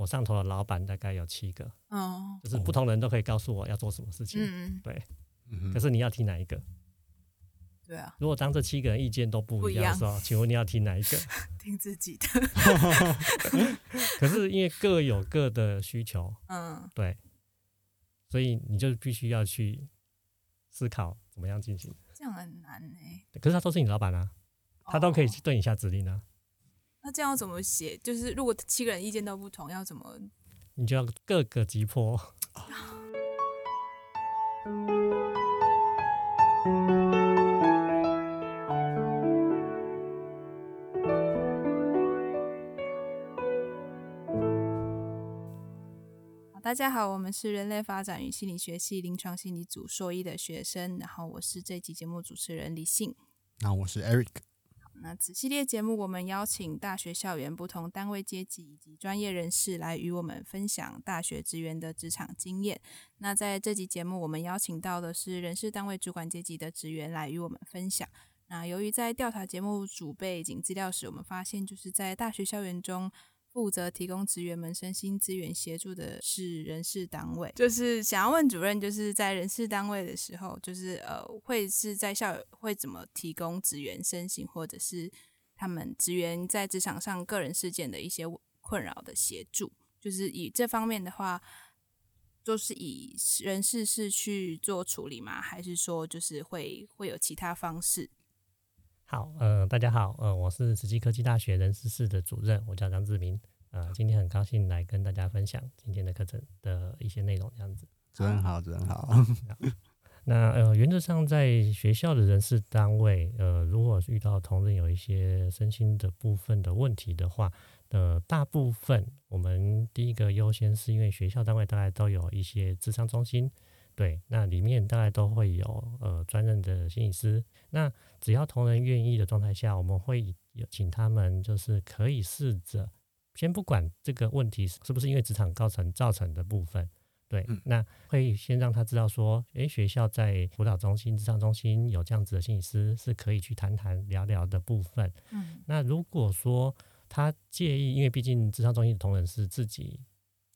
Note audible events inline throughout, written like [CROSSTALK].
我上頭的老闆大概有七個，嗯，就是不同人都可以告訴我要做什麼事情，嗯，對，可是你要聽哪一個？對啊，如果當這七個人意見都不一樣的時候，請問你要聽哪一個？聽自己的。可是因為各有各的需求，嗯，對，所以你就必須要去思考怎麼樣進行。這樣很難哎。可是他都是你老闆啊，他都可以對你下指令啊。那這樣要怎麼寫？就是如果七個人意見都不同，要怎麼？你就要各個擊破 [LAUGHS] 、哦。大家好，我們是人類發展與心理學系臨床心理組碩一的學生，然後我是這期節目主持人李信，那我是 Eric。那此系列節目，我們邀請大學校園不同單位階級以及專業人士來與我們分享大學職員的職場經驗。那在這集節目，我們邀請到的是人事單位主管階級的職員來與我們分享。那由於在調查節目組背景資料時，我們發現，就是在大學校園中。負責提供職員們身心資源協助的是人事單位，就是想要問主任，就是在人事單位的時候，就是呃，會是在校會怎麼提供職員身心，或者是他們職員在職場上個人事件的一些困擾的協助，就是以這方面的話，就是以人事室去做處理嗎？還是說就是會會有其他方式？好，呃，大家好，呃，我是慈濟科技大學人事室的主任，我叫張志明，呃，今天很高興來跟大家分享今天的課程的一些內容，這樣子。主任好，主任好。那呃，原則上在學校的人事單位，呃，如果遇到同仁有一些身心的部分的問題的話，呃，大部分我們第一個優先是因為學校單位大概都有一些諮商中心。對，那裡面大概都會有呃專任的心理師。那只要同仁願意的狀態下，我們會有請他們，就是可以試着先不管這個問題是不是因為職場造成造成的部分。對，那會先讓他知道說，誒，學校在輔導中心、職場中心有這樣子的心理師是可以去談談聊聊的部分。嗯，那如果說他介意，因為畢竟職場中心的同仁是自己，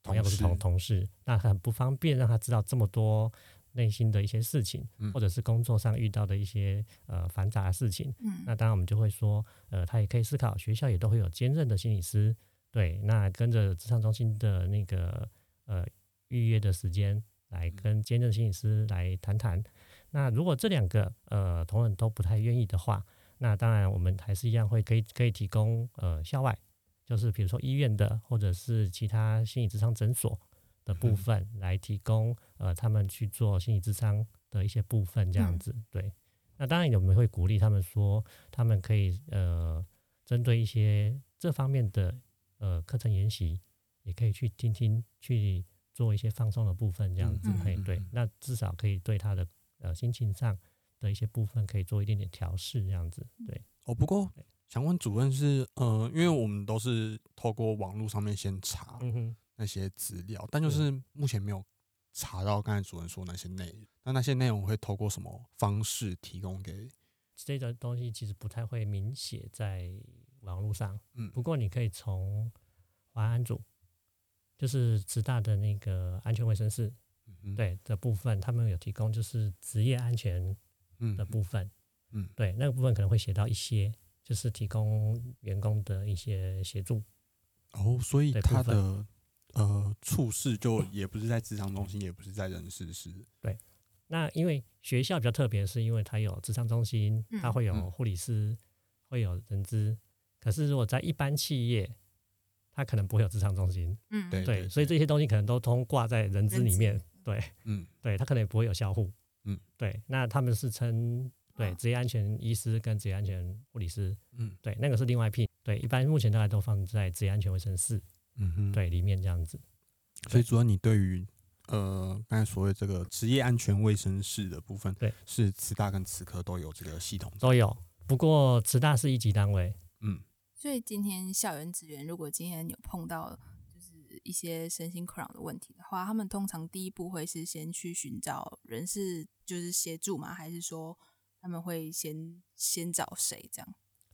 同樣不是同同事，那很不方便讓他知道這麼多內心的一些事情，嗯、或者是工作上遇到的一些呃繁雜的事情。嗯，那當然我們就會說，呃，他也可以思考，學校也都會有兼任的心理師，對，那跟着職場中心的那個呃預約的時間來跟兼任心理師來談談。嗯、那如果這兩個呃同仁都不太願意的話，那當然我們還是一樣會可以可以提供呃校外。就是比如說醫院的，或者是其他心理諮商診所的部分、嗯、來提供，呃，他們去做心理諮商的一些部分，這樣子。嗯、對。那當然，我們會鼓勵他們說，他們可以呃，針對一些這方面的呃課程研習，也可以去聽聽，去做一些放鬆的部分，這樣子。對。那至少可以對他的呃心情上的一些部分，可以做一點點調適，這樣子。對。哦，不過。想問主任是，呃，因為我們都是透過網絡上面先查、嗯、哼那些資料，但就是目前沒有查到剛才主任說那些內容。但那些內容會透過什麼方式提供給？這個東西其實不太會明寫在網絡上。嗯，不過你可以從華安組，就是職大的那個安全衛生室，嗯、哼對的部分，他們有提供就是職業安全的部分。嗯，嗯，對，那個部分可能會寫到一些。就是提供員工的一些協助，哦，所以他的呃，處室就也不是在職場中心，也不是在人事室。對，那因為學校比較特別，是因為它有職場中心，它會有護理師，會有人資。可是如果在一般企業，它可能不會有職場中心。嗯，對，所以這些東西可能都通掛在人資裡面。對，嗯，對，它可能也不會有校護。嗯，對，那他們是稱。對職業安全醫師跟職業安全護理師，嗯、啊，對，那個是另外一批。對，一般目前大概都放在職業安全衛生室，嗯哼，對，裡面這樣子。所以，主要你對於呃剛才所謂這個職業安全衛生室的部分，對，是慈大跟慈科都有這個系統，都有。不過慈大是一級單位，嗯。所以今天校園職員，如果今天有碰到就是一些身心困擾的問題的話，他們通常第一步會是先去尋找人事就是協助嗎？還是說？他們會先先找誰？這樣，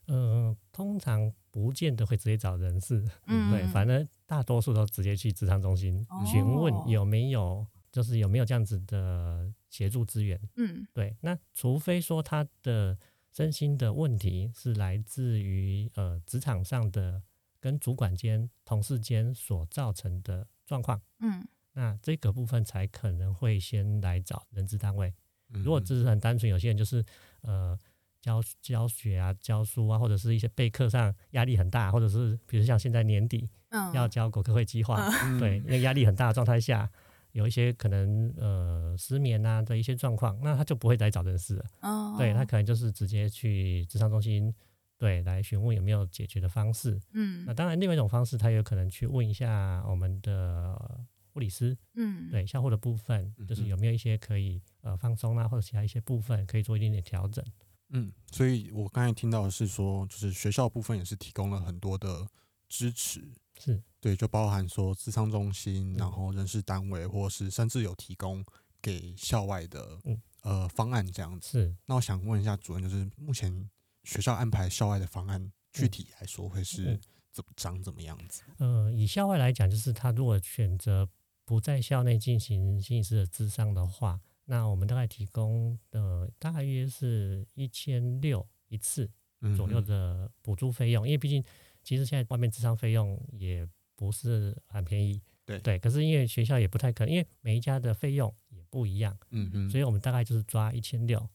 嗯、呃，通常不見得會直接找人事，嗯,嗯,嗯，對，反正大多數都直接去職場中心詢、哦、問有沒有，就是有沒有這樣子的協助資源，嗯，對。那除非說他的身心的問題是來自於呃職場上的跟主管間、同事間所造成的狀況，嗯，那這個部分才可能會先來找人資單位。如果只是很單純，有些人就是呃教教學啊、教書啊，或者是一些備課上壓力很大，或者是比如像現在年底、嗯、要交國科會計劃，嗯、對，因為壓力很大的狀態下，有一些可能呃失眠啊的一些狀況，那他就不會再找人事了。哦，對，他可能就是直接去職場中心，對，來詢問有沒有解決的方式。嗯，那當然另外一種方式，他也有可能去問一下我們的，心理師，嗯，對，校後的部分就是有沒有一些可以呃放鬆啊，或者其他一些部分可以做一點點調整，嗯，所以我剛才聽到的是說，就是學校部分也是提供了很多的支持，是。對，就包含說諮商中心，然後人事單位，嗯、或是甚至有提供給校外的、嗯、呃方案這樣子。是，那我想問一下主任，就是目前學校安排校外的方案，具體來說會是怎麼、嗯嗯、長怎麼樣子？呃，以校外來講，就是他如果選擇不在校內進行心理師的諮商的話，那我們大概提供的大約是一千六一次左右的補助費用，嗯、哼因為畢竟其實現在外面諮商費用也不是很便宜。對，對可是因為學校也不太可能，因為每一家的費用也不一樣。嗯哼，所以我們大概就是抓一千六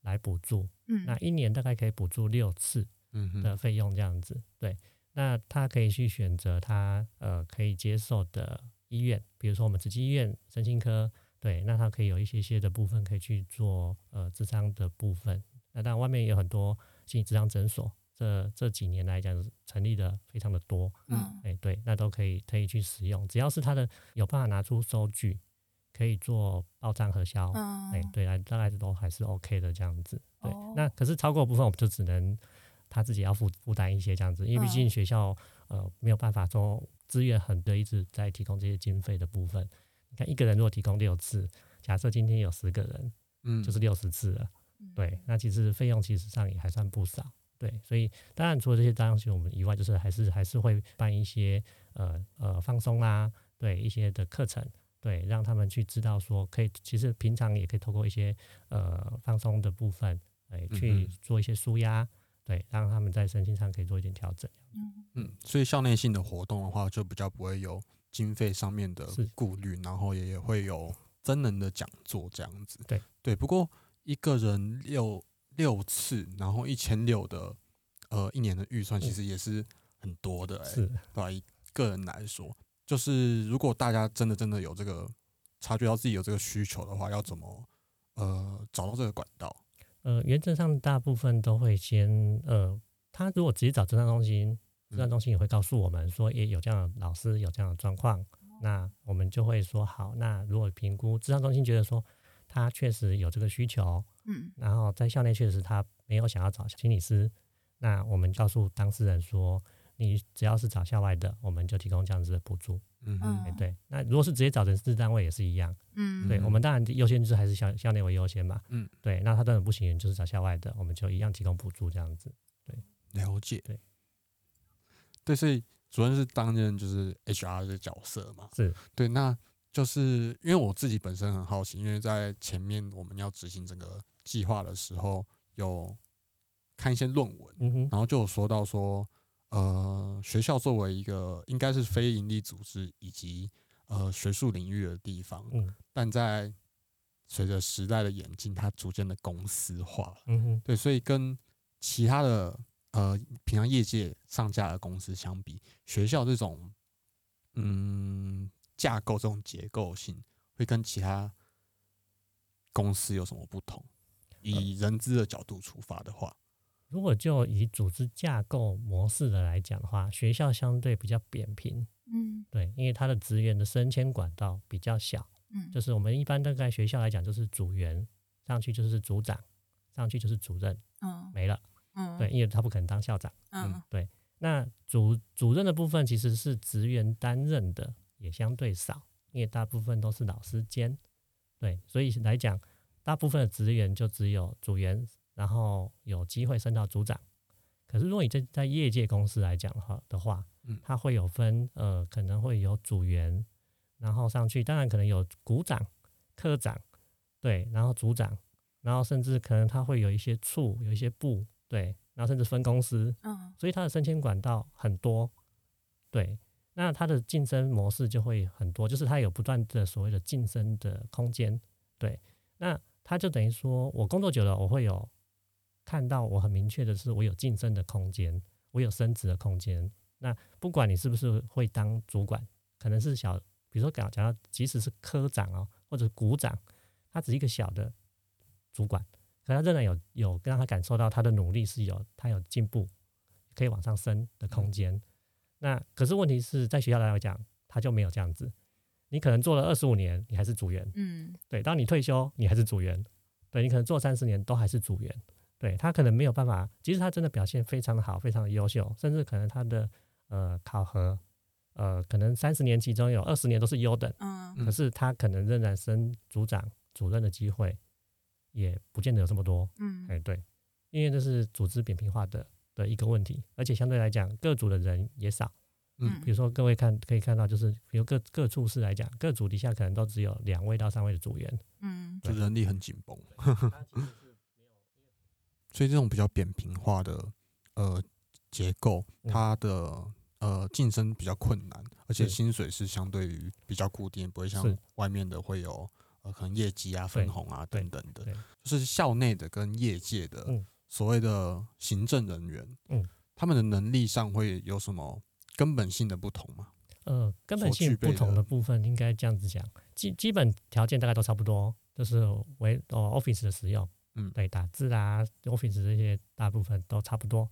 來補助。嗯，那一年大概可以補助六次的費用這樣子。對，那他可以去選擇他呃可以接受的。醫院，比如說我們慈濟醫院身心科，對，那它可以有一些些的部分可以去做呃諮商的部分。那當然外面有很多心理諮商診所，這這幾年來講成立的非常的多。嗯，哎、欸，對，那都可以可以去使用，只要是他的有辦法拿出收據，可以做報賬核銷。哎、嗯欸，對，大概都還是 OK 的這樣子。對，哦、那可是超過的部分我們就只能他自己要負負擔一些這樣子，因為畢竟學校呃沒有辦法說。資源很多，一直在提供這些經費的部分。你看，一個人如果提供六次，假設今天有十個人，嗯，就是六十次了。對,那其實費用其實上也還算不少。對,所以當然除了這些東西我們以外，就是還是還是會辦一些呃呃放鬆啦、啊，對一些的課程，對,讓他們去知道說可以，其實平常也可以透過一些呃放鬆的部分，哎，去做一些舒壓，對,讓他們在身心上可以做一點調整。嗯，所以校內性的活動的話，就比較不會有經費上面的顧慮，是然後也也會有真人的講座這樣子。對對，不過一個人六六次，然後一千六的呃一年的預算，其實也是很多的、欸。是對、嗯、個人來說，是就是如果大家真的真的有這個察覺到自己有這個需求的話，要怎麼呃找到這個管道？呃，原則上大部分都會先呃。他如果直接找諮商中心，諮商中心也會告訴我們說，也有這樣的老師有這樣的狀況，那我們就會說好。那如果評估諮商中心覺得說他確實有這個需求，嗯，然後在校內確實他沒有想要找心理師，那我們告訴當事人說，你只要是找校外的，我們就提供這樣子的補助，嗯嗯哼，對。那如果是直接找人事單位也是一樣，嗯，對，我們當然優先是還是校校內為優先嘛，嗯，對。那他當然不行，就是找校外的，我們就一樣提供補助這樣子，對。了解，對，對，所以主要是擔任就是 H R 這角色嘛是，對，那就是因為我自己本身很好奇，因為在前面我們要執行整個計劃的時候，有看一些論文，嗯、哼然後就有說到說，呃，學校作為一個應該是非營利組織以及呃學術領域的地方，嗯、但在隨着時代的演進，它逐漸的公司化、嗯、哼對，所以跟其他的。呃，平常業界上架的公司相比，學校這種嗯架構這種結構性，會跟其他公司有什麼不同？以人資的角度出發的話、呃，如果就以組織架構模式的來講的話，學校相對比較扁平，嗯，對，因為他的職員的升遷管道比較小，嗯，就是我們一般都在學校來講，就是組員上去就是組長，上去就是主任，嗯、哦，沒了。對，因為他不可能當校長。嗯，對，那主主任的部分其實是職員擔任的，也相對少，因為大部分都是老師兼。對，所以來講，大部分的職員就只有組員，然後有機會升到組長。可是如果你在在業界公司來講的話的話，他會有分呃，可能會有組員，然後上去，當然可能有股長、科長，對，然後組長，然後甚至可能他會有一些處、有一些部。對，然後甚至分公司，哦、所以它的升遷管道很多，對，那它的晉升模式就會很多，就是它有不斷的所謂的晉升的空間，對，那它就等於說，我工作久了，我會有看到我很明確的是，我有晉升的空間，我有升職的空間。那不管你是不是會當主管，可能是小，比如說講講到，即使是科長啊、哦、或者股長，他只是一個小的主管。可他仍然有有讓他感受到他的努力是有，他有進步，可以往上升的空間。嗯、那可是問題是在學校來講，他就沒有這樣子。你可能做了二十五年，你還是組員，嗯，對。當你退休，你還是組員，對。你可能做三十年都還是組員，對，他可能沒有辦法。即使他真的表現非常的好，非常優秀，甚至可能他的呃考核，呃可能三十年其中有二十年都是優等，嗯，可是他可能仍然升組長、主任的機會，也不見得有這麼多，嗯，哎、欸，對，因為這是組織扁平化的的一個問題，而且相對來講，各組的人也少，嗯，比如說各位看可以看到，就是比如各各處室來講，各組底下可能都只有兩位到三位的組員，嗯對，就人力很緊繃， [LAUGHS] 所以這種比較扁平化的呃結構，它的、嗯、呃晉升比較困難，而且薪水是相對於比較固定，是 不會像外面的會有，可能業績啊、分紅啊等等的，對對，就是校內的跟業界的所謂的行政人員，嗯，他們的能力上會有什麼根本性的不同嗎？呃，根本性不同的部分，應該這樣子講，基基本條件大概都差不多，就是為 Office 的使用，嗯，對，打字啊、嗯，Office 這些大部分都差不多。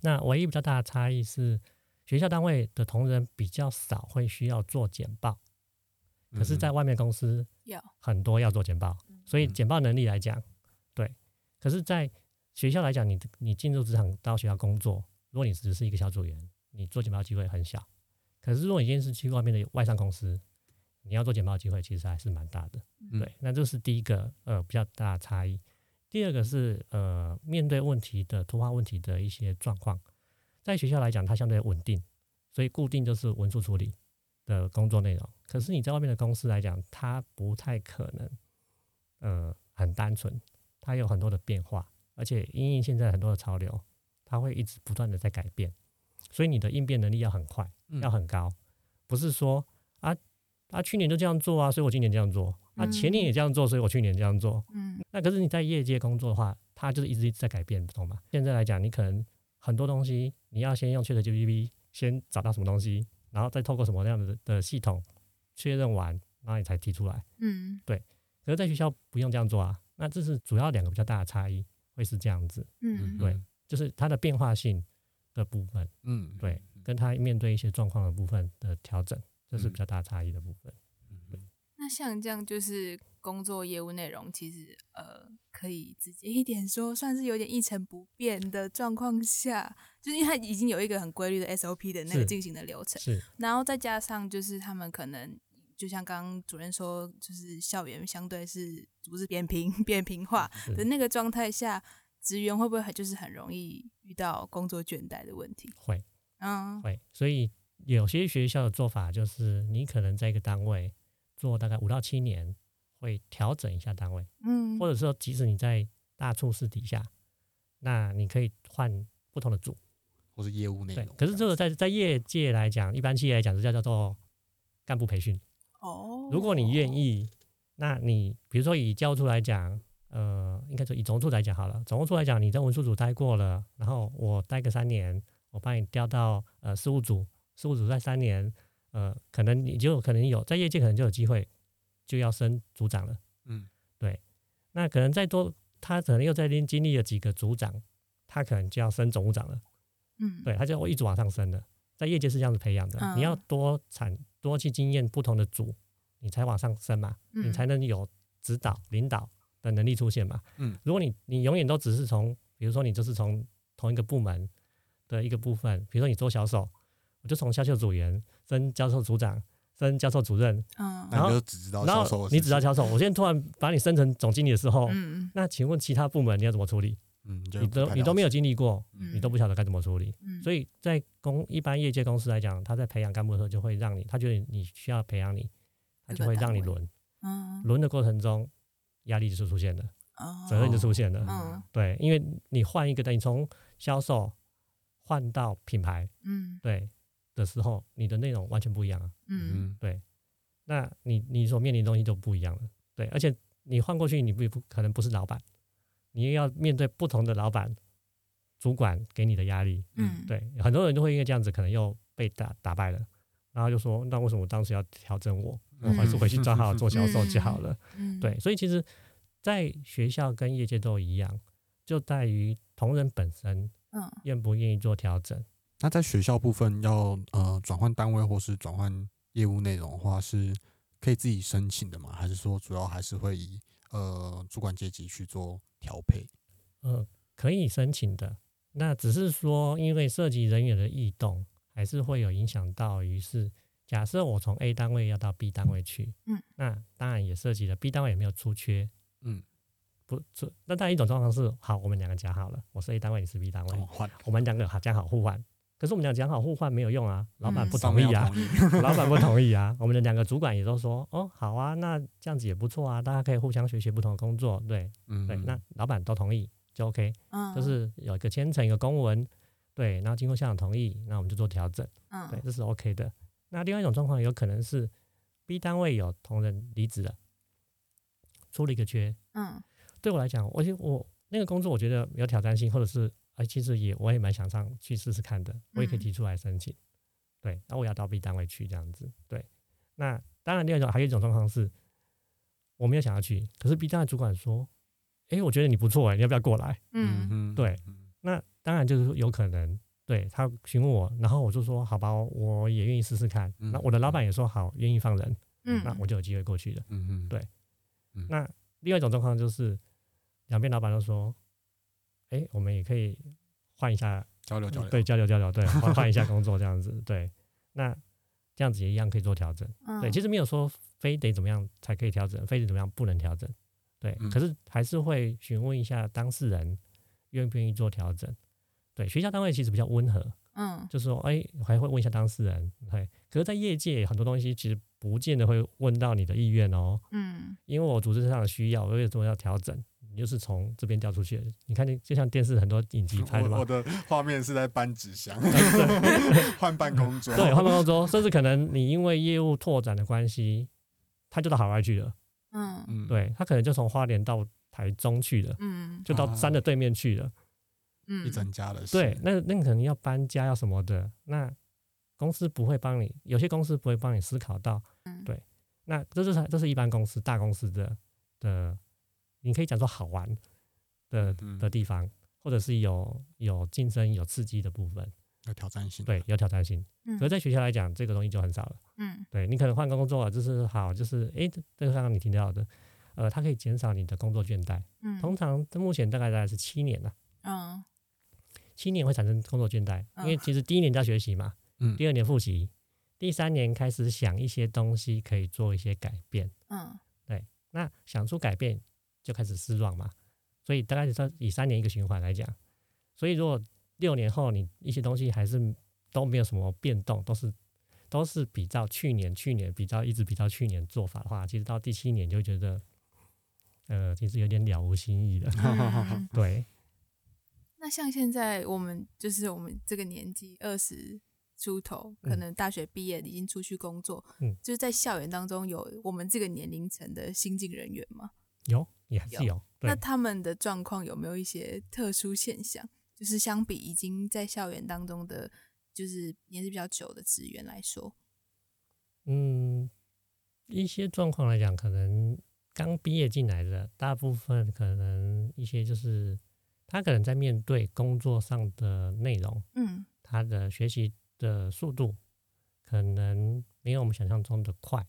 那唯一比較大的差異是，學校單位的同仁比較少，會需要做簡報。可是，在外面公司有很多要做簡報，所以簡報能力來講，對。可是，在學校來講，你你進入職場到學校工作，如果你只是一個小組員，你做簡報機會很小。可是，如果你已經是去外面的外商公司，你要做簡報機會其實還是蠻大的。對，那這是第一個呃比較大的差異。第二個是呃面對問題的突發問題的一些狀況，在學校來講，它相對穩定，所以固定就是文書處理的工作內容。可是你在外面的公司來講，它不太可能，呃，很單純，它有很多的變化，而且因應現在很多的潮流，它會一直不斷的在改變，所以你的應變能力要很快，要很高，嗯、不是說啊，啊去年就這樣做啊，所以我今年這樣做，嗯、啊前年也這樣做，所以我去年這樣做，嗯，那可是你在業界工作的話，它就是一直一直在改變，懂嗎？現在來講，你可能很多東西你要先用 ChatGPT 先找到什麼東西，然後再透過什麼樣子的系統。確認完，然後你才提出來。嗯，對。可是，在學校不用這樣做啊。那這是主要兩個比較大的差異，會是這樣子。嗯，對。嗯、就是它的變化性的部分。嗯，對。嗯、跟它面對一些狀況的部分的調整，這、就是比較大的差異的部分。嗯，對。那像這樣，就是工作業務內容，其實呃，可以直接一點說，算是有點一成不變的狀況下，就是因為它已經有一個很規律的 SOP 的那個進行的流程。是。是然後再加上，就是他們可能。就像剛主任說，就是校園相對是不是扁平、扁平化的那個狀態下，職是員會不會就是很容易遇到工作倦怠的問題？會，嗯，uh, 會。所以有些學校的做法就是，你可能在一個單位做大概五到七年，會調整一下單位，嗯，或者說即使你在大處室底下，那你可以換不同的組，或者業務內容。對。可是這個在在業界來講，一般企業來講，是叫叫做幹部培訓。如果你願意，那你比如說以教務處來講，呃，應該說以總務處來講好了。總務處來講，你在文書組待過了，然後我待個三年，我幫你調到呃事務組，事務組在三年，呃，可能你就可能有在業界可能就有機會就要升組長了。嗯，對。那可能再多，他可能又再經經歷了幾個組長，他可能就要升總務長了。嗯，對，他就一直往上升的，在業界是這樣子培養的。嗯，你要多產，多去經驗不同的組，你才往上升嘛，你才能有指導領導的能力出現嘛。如果你你永遠都只是從，比如說你就是從同一個部門的一個部分，比如說你做銷售，我就從銷售組員升銷售組長，升銷售主任，然後你只知道銷售，我現在突然把你升成總經理的時候，那請問其他部門你要怎麼處理？嗯、你都你都沒有經歷過，嗯、你都不曉得該怎麼處理。嗯嗯、所以在公一般業界公司來講，他在培養幹部的時候，就會讓你，他覺得你需要培養你，他就會讓你輪。嗯，輪的過程中，壓力就是出現了，責任、哦、就出現了。哦、對，因為你換一個，你從銷售換到品牌，嗯，對的時候，你的內容完全不一樣了。嗯，對，那你你所面臨的東西都不一樣了。對，而且你換過去，你不不可能不是老闆。你要面對不同的老闆、主管給你的壓力，嗯，對，很多人都會因為這樣子，可能又被打打敗了，然後就說：“那為什麼我當時要調整我？嗯、我還是回去抓好、嗯、做銷售就好了。”嗯、對，所以其實，在學校跟業界都一樣，就在於同仁本身，嗯，願不願意做調整。嗯、那在學校部分要，要呃轉換單位或是轉換業務內容的話，是可以自己申請的嗎？還是說主要還是會以？呃，主管階級去做調配，嗯、呃，可以申請的。那只是說，因為涉及人員的異動，還是會有影響到。於是，假設我從 A 單位要到 B 單位去，嗯，那當然也涉及了 B 單位也沒有出缺，嗯，不，那當然一種狀況是，好，我們兩個講好了，我是 A 單位，你是 B 單位，哦、換個個，我們兩個好講好互換。可是我們講講好互換沒有用啊，老闆不同意啊，嗯、老闆不同意啊， [LAUGHS] 我們的兩個主管也都說，哦，好啊，那這樣子也不錯啊，大家可以互相學習不同的工作，對，嗯、對，那老闆都同意就 OK，嗯、就是有一個簽呈，一個公文，對，然後經過校長同意，那我們就做調整，嗯、對，這是 OK 的。那另外一種狀況有可能是 B 單位有同仁離職了，出了一個缺，嗯、對我來講，我我那個工作我覺得沒有挑戰性，或者是。哎，其實也，我也蠻想上去試試看的，我也可以提出來申請。嗯、對，那我要到 B 單位去這樣子。對，那當然另外一種還有一種狀況是我沒有想要去，可是 B 單位主管說：“哎，我覺得你不錯哎，你要不要過來？”嗯嗯，對。那當然就是有可能，對，他詢問我，然後我就說：“好吧，我也願意試試看。嗯”那我的老闆也說：“好，願意放人。嗯”那我就有機會過去的。嗯嗯，對。那另外一種狀況就是，兩邊老闆都說。哎、欸，我們也可以換一下交流交流，交流交流，對，交流交流，對換換一下工作這樣子， [LAUGHS] 對，那這樣子也一樣可以做調整，嗯、對，其實沒有說非得怎麼樣才可以調整，非得怎麼樣不能調整，對，嗯、可是還是會詢問一下當事人願不願意做調整，對，學校單位其實比較溫和，嗯，就是說哎、欸，還會問一下當事人，對，可是，在業界很多東西其實不見得會問到你的意願哦，嗯，因為我組織上的需要，我為什麼要調整？就是從這邊調出去，你看，就像電視很多影集拍的嗎？我，我的畫面是在搬紙箱，換辦公桌，對，換辦公桌。甚至可能你因為業務拓展的關係，他就到海外去了。嗯嗯，對，他可能就從花蓮到台中去了，嗯，就到山的對面去了。嗯，一整家了。對，那那可能要搬家要什麼的，那公司不會幫你，有些公司不會幫你思考到。嗯，對，那這是，這是一般公司，大公司的，的。你可以講說好玩的、嗯、的地方，或者是有有競爭、有刺激的部分，有挑戰性，對，有挑戰性。所以、嗯、在學校來講，這個東西就很少了。嗯對，對你可能換個工作，就是好，就是誒、欸，這這個剛剛你提到的，呃，它可以減少你的工作倦怠。嗯、通常在目前大概大概是七年的、啊，嗯，哦、七年會產生工作倦怠，因為其實第一年在學習嘛，嗯，哦、第二年複習，第三年開始想一些東西可以做一些改變，嗯，哦、對，那想出改變。就開始失望嘛，所以大概是以三年一個循環來講，所以如果六年後你一些東西還是都沒有什麼變動，都是都是比照去年去年比照一直比照去年做法的話，其實到第七年就覺得，呃，其實有點了無新意了。嗯、 [LAUGHS] 對。那像現在我們就是我們這個年紀二十出頭，可能大學畢業已經出去工作，嗯、就是在校園當中有我們這個年齡層的新進人員嗎？有。也還是有。有對那他們的狀況有沒有一些特殊現象？就是相比已經在校園當中的，就是年紀比較久的職員來說，嗯，一些狀況來講，可能剛畢業進來的大部分，可能一些就是他可能在面對工作上的內容，嗯，他的學習的速度可能沒有我們想象中的快。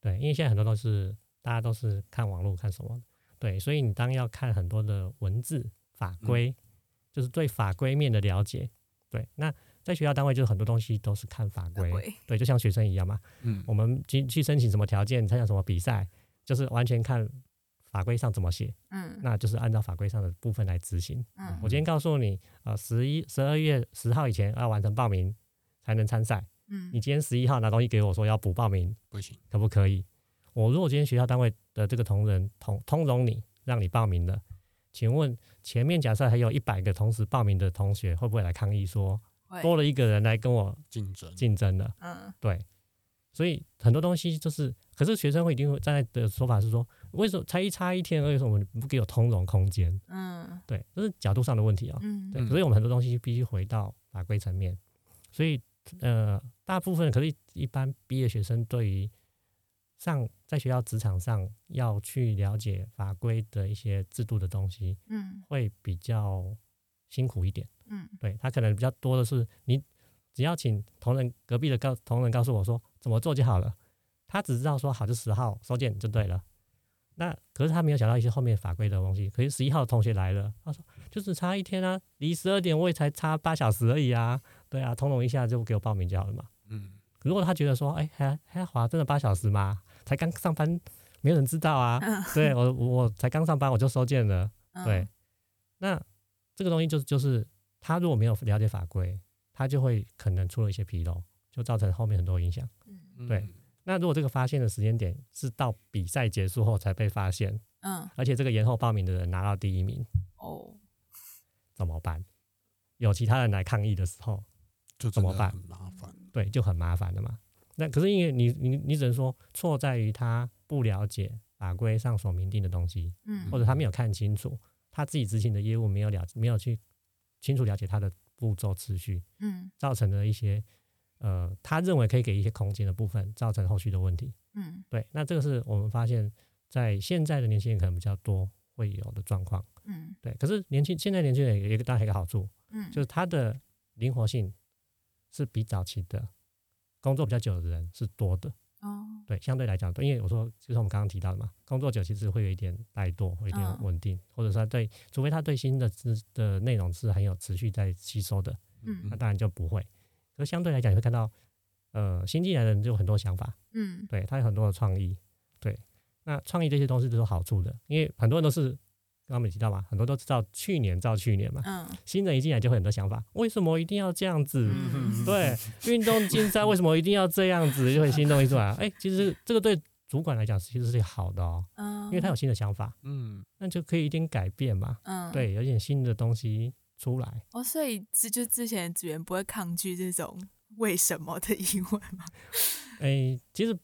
對，因為現在很多都是大家都是看網絡看什麼的。對，所以你當要看很多的文字法規，嗯、就是對法規面的了解。對，那在學校單位就是很多東西都是看法規。法規。對，就像學生一樣嘛。嗯、我們今去申請什麼條件，參加什麼比賽，就是完全看法規上怎麼寫。嗯。那就是按照法規上的部分來執行。嗯。我今天告訴你，呃，十一、十二月十號以前要完成報名才能參賽。嗯。你今天十一號拿東西給我說要補報名，不行，可不可以？我如果今天學校單位。這個同仁同通通融你，讓你報名的，請問前面假設還有一百個同時報名的同學，會不會來抗議說會多了一個人來跟我競爭競爭的？嗯、對，所以很多東西就是，可是學生會一定會站在的說法是說，為什麼才一差一天，為什麼我們不給我通融空間？嗯、對，這是角度上的問題啊、哦。嗯哼，對，可是我們很多東西必須回到法規層面，所以呃，大部分可是一，一般畢業學生對於。上在學校、職場上要去了解法規的一些制度的東西，嗯、會比較辛苦一點，嗯、對他可能比較多的是，你只要請同仁隔壁的告同同仁告訴我說怎麼做就好了，他只知道說好就十號收件就對了，那可是他沒有想到一些後面法規的東西，可是十一號的同學來了，他說就是差一天啊，離十二點我也才差八小時而已啊，對啊，通融一下就給我報名就好了嘛，嗯、如果他覺得說，哎、欸、還還好真的八小時嗎？才剛上班，沒有人知道啊。Uh. 對我，我，我才剛上班我就收件了。Uh. 對，那這個東西就是、就是他如果沒有了解法規，他就會可能出了一些紕漏，就造成後面很多影響。嗯、對，那如果這個發現的時間點是到比賽結束後才被發現，uh. 而且這個延後報名的人拿到第一名，哦，oh. 怎麼辦？有其他人來抗議的時候，就真怎麼辦？很麻煩，對，就很麻煩的嘛。那可是因為你你你只能說錯在於他不了解法規上所明定的東西，嗯，或者他沒有看清楚他自己執行的業務，沒有了沒有去清楚了解他的步驟次序，嗯，造成了一些呃他認為可以給一些空間的部分，造成後續的問題，嗯，對，那這個是我們發現在現在的年輕人可能比較多會有的狀況，嗯，對，可是年輕現在年輕人也有一個大概一個好處，嗯，就是他的靈活性是比早期的。工作比較久的人是多的。oh. 對，相對來講，因為我說就是我們剛剛提到的嘛，工作久其實會有一點怠惰，會有一點穩定，oh. 或者說，對，除非他對新的知的內容是很有持續在吸收的，那、嗯、當然就不會。可是相對來講，你會看到，呃，新進來的人就有很多想法，嗯，對他有很多的創意，對，那創意這些東西都是好處的，因為很多人都是。剛沒知道嘛，很多都知道去年，照去年嘛。嗯。新人一進來就會很多想法，為什麼一定要這樣子？嗯嗯、對，運 [LAUGHS] 動競賽為什麼一定要這樣子？就很心動一出來，哎、 [LAUGHS] 欸，其實這個對主管來講其實是好的哦，嗯、因為他有新的想法，嗯，那就可以一點改變嘛，嗯，對，有一點新的東西出來。哦，所以這就之前職員不會抗拒這種為什麼的疑問嗎？哎、 [LAUGHS] 欸，其實，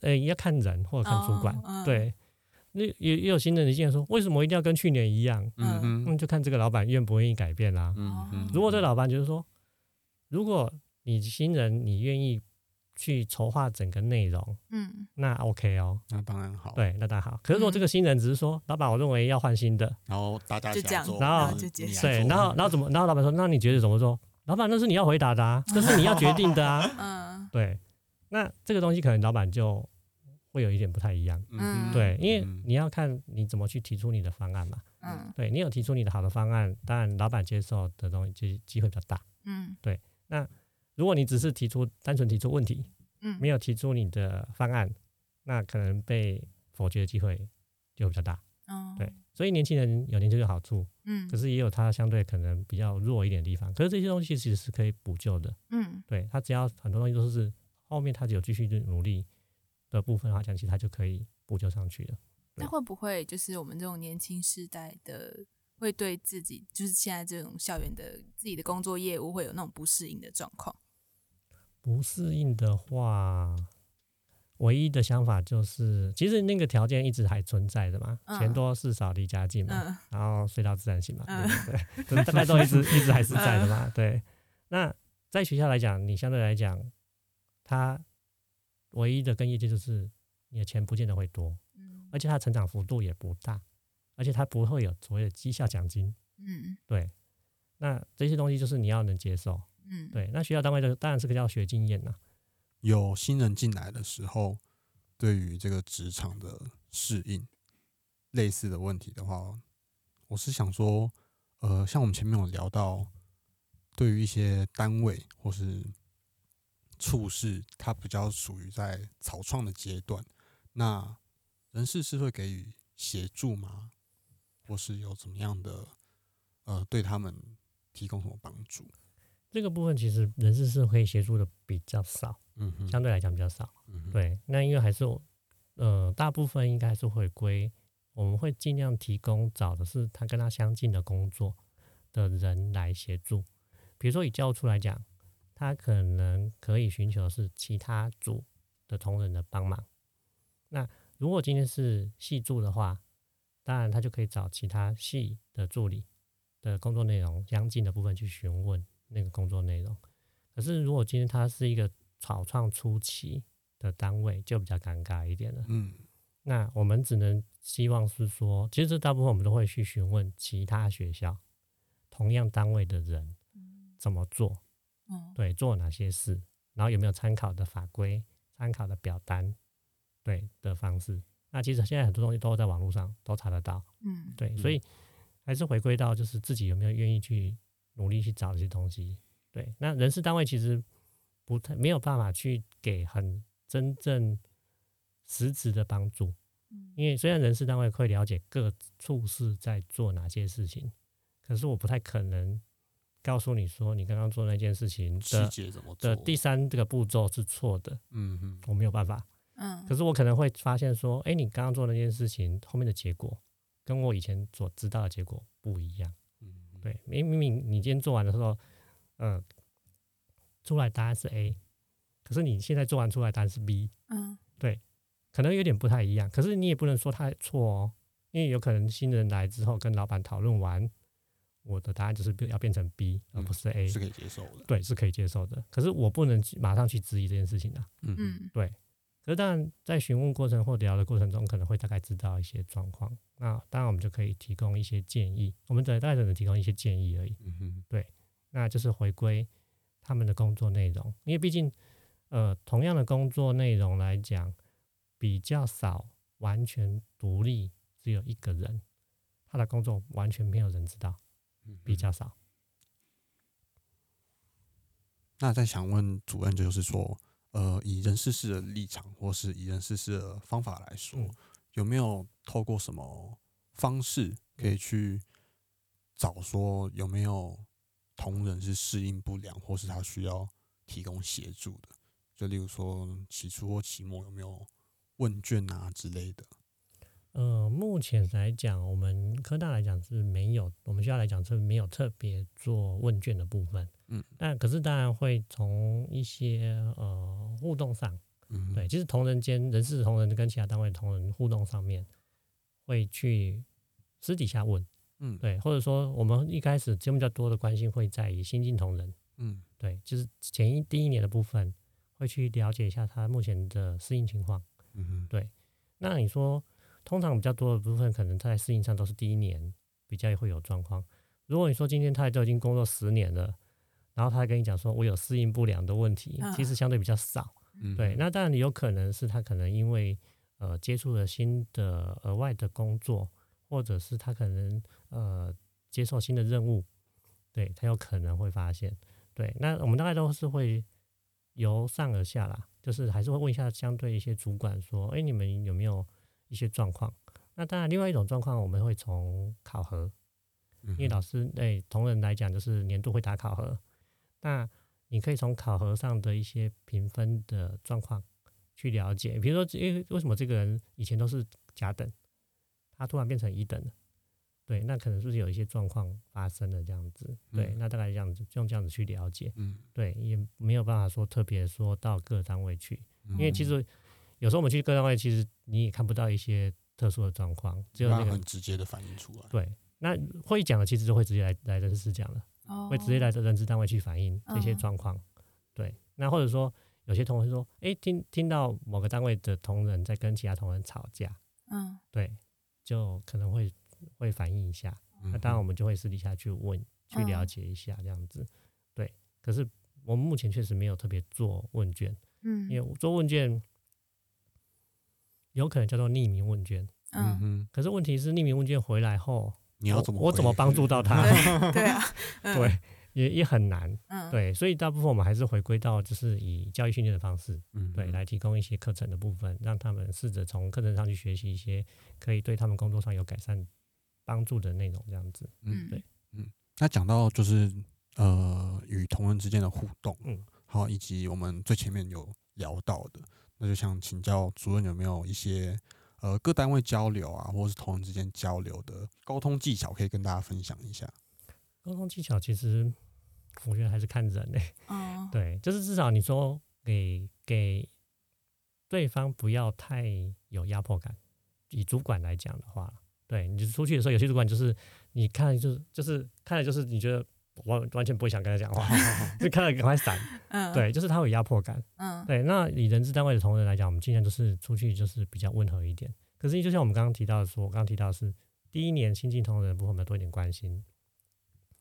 哎、欸，你要看人或者看主管，哦嗯、對。那也也有新人直接說，為什麼一定要跟去年一樣？嗯哼嗯，那就看這個老闆願不願意改變啦、啊。嗯嗯哼，如果這個老闆就是說，如果你新人你願意去籌劃整個內容，嗯，那 OK 哦，那當然好。對，那當然好。可是如果這個新人只是說，嗯、老闆，我認為要換新的，哦、然後大家就然後就對，然後然後怎麼？然後老闆說，那你覺得怎麼做？老闆那是你要回答的、啊，這是你要決定的啊。 [LAUGHS] 嗯、對，那這個東西可能老闆就。會有一點不太一樣，嗯、哼對，嗯、因為你要看你怎麼去提出你的方案嘛，嗯、對，你有提出你的好的方案，當然老闆接受的東西就機會比較大，嗯、對。那如果你只是提出單純提出問題，嗯、沒有提出你的方案，那可能被否決的機會就會比較大，哦、對。所以年輕人有年輕人好處，嗯、可是也有他相對可能比較弱一點的地方，可是這些東西其實是可以補救的，嗯，對，他只要很多東西都是後面他只有繼續去努力的部分的話，好像其他就可以補救上去了。那會不會就是我們這種年輕時代的，會對自己就是現在這種校園的自己的工作業務會有那種不適應的狀況？不適應的話，唯一的想法就是，其實那個條件一直還存在的嘛，錢、嗯、多事少離家近嘛，嗯、然後睡到自然醒嘛，對不、嗯、對？對 [LAUGHS] 可大概都一直 [LAUGHS] 一直還是在的嘛，嗯、對。那在學校來講，你相對來講，他。唯一的跟業界，就是你的錢不見得會多，而且它的成長幅度也不大，而且它不會有所謂的績效獎金，嗯，對。那這些東西就是你要能接受，嗯，對。那學校單位的當然是個教學經驗呢。有新人進來的時候，對於這個職場的適應，類似的問題的話，我是想說，呃，像我們前面有聊到，對於一些單位或是。處事，他比較屬於在草創的階段，那人事是會給予協助嗎？或是有怎麼樣的呃，對他們提供什麼幫助？這個部分其實人事是可以協助的比較少，嗯哼，相對來講比較少，嗯哼，對。那因為還是我，呃，大部分應該是回歸我們會盡量提供，找的是他跟他相近的工作的人來協助，比如說以教務處來講，他可能可以尋求是其他組的同仁的幫忙。那如果今天是系助的話，當然他就可以找其他系的助理的工作內容相近的部分去詢問那個工作內容。可是如果今天他是一個草創初期的單位，就比較尷尬一點了。嗯，那我們只能希望是說，其實大部分我們都會去詢問其他學校同樣單位的人怎麼做。對，做哪些事，然後有沒有參考的法規、參考的表單，對的方式。那其實現在很多東西都在網絡上都查得到，嗯，對，所以還是回歸到就是自己有沒有願意去努力去找一些東西。對，那人事單位其實不太沒有辦法去給很真正實質的幫助，嗯，因為雖然人事單位會了解各處室在做哪些事情，可是我不太可能。告訴你說，你剛剛做那件事情的的第三這個步驟是錯的。嗯哼我沒有辦法。嗯，可是我可能會發現說，哎，你剛剛做那件事情後面的結果跟我以前所知道的結果不一樣。嗯，哼對，明明明你今天做完的時候，嗯，出來答案是 A，可是你現在做完出來答案是 B，嗯。對，可能有點不太一樣。可是你也不能說他錯哦，因為有可能新人來之後跟老板討論完。我的答案就是要變成 B，、嗯、而不是 A，是可以接受的。對，是可以接受的。可是我不能馬上去質疑這件事情的、啊。嗯嗯哼對。可是當然，在詢問過程或聊的過程中，可能會大概知道一些狀況。那當然，我們就可以提供一些建議。我們大概只能提供一些建議而已。嗯哼對。那就是回歸他們的工作內容，因為畢竟，呃，同樣的工作內容來講，比較少完全獨立，只有一個人，他的工作完全沒有人知道。比較少、嗯。那再想問主任，就是說，呃，以人事室的立場或是以人事室的方法來說，嗯、有沒有透過什麼方式可以去找說有沒有同仁是適應不良或是他需要提供協助的？就例如說，期初或期末有沒有問卷啊之類的？呃，目前來講，我們科大來講是沒有，我們學校來講是沒有特別做問卷的部分，嗯，但可是當然會從一些呃互動上，嗯哼，對，就是同仁間，人事同仁跟其他單位同仁互動上面，會去私底下問，嗯，對，或者說我們一開始節目比較多的關心會在於新進同仁，嗯，對，就是前一第一年的部分，會去了解一下他目前的適應情況，嗯哼，對，那你說。通常比較多的部分，可能在適應上都是第一年比較會有狀況。如果你說今天他都已經工作十年了，然後他還跟你講說“我有適應不良的問題”，其實相對比較少。嗯，對。那當然，有可能是他可能因為呃接觸了新的額外的工作，或者是他可能呃接受新的任務，對，他有可能會發現。對，那我們大概都是會由上而下啦，就是還是會問一下相對一些主管說：“哎，欸，你們有沒有？”一些狀況，那當然，另外一種狀況我們會從考核，嗯、哼因為老師對、欸、同仁來講，就是年度會打考核，那你可以從考核上的一些評分的狀況去了解，比如說，誒，為什麼這個人以前都是甲等，他突然變成乙等了？對，那可能是，是有一些狀況發生了這樣子，對，嗯、那大概這樣子，用這樣子去了解，嗯、對，也沒有辦法說特別說到各單位去，嗯、因為其實。有時候我們去各單位，其實你也看不到一些特殊的狀況，只有那個那很直接的反映出來。對，那會講的其實就會直接來來人事講了，會直接來人事單位去反映這些狀況。對，那或者說有些同事說，誒、欸，聽聽到某個單位的同仁在跟其他同仁吵架，嗯，對，就可能會會反映一下。那當然我們就會私底下去問，去了解一下這樣子。對，可是我們目前確實沒有特別做問卷，嗯，因為做問卷。有可能叫做匿名問卷，嗯嗯，哼，可是問題是匿名問卷回來後，你要怎麼我，我怎麼幫助到他？對，對、啊嗯、 [LAUGHS] 對，也也很難，嗯，對，所以大部分我們還是回歸到就是以教育訓練的方式，嗯哼，對，來提供一些課程的部分，讓他們試着從課程上去學習一些可以對他們工作上有改善幫助的內容，這樣子，嗯，對，嗯，那講到就是呃與同仁之間的互動，嗯，好、哦，以及我們最前面有聊到的。那就想請教主任有沒有一些呃各單位交流啊，或者是同仁之間交流的溝通技巧可以跟大家分享一下。溝通技巧其實我覺得還是看人嘞、欸，嗯、對，就是至少你說給給對方不要太有壓迫感。以主管來講的話，對，你出去的時候，有些主管就是你看就是就是看了就是你覺得。完完全不會想跟他講話，就 [LAUGHS] 看到趕快閃。 [LAUGHS] uh, 對，就是他有壓迫感。Uh, 對。那以人事單位的同仁來講，我們儘量都是出去就是比較溫和一點。可是就像我們剛剛提到的說，說我剛剛提到的是第一年新進同仁，不會有沒有多一點關心。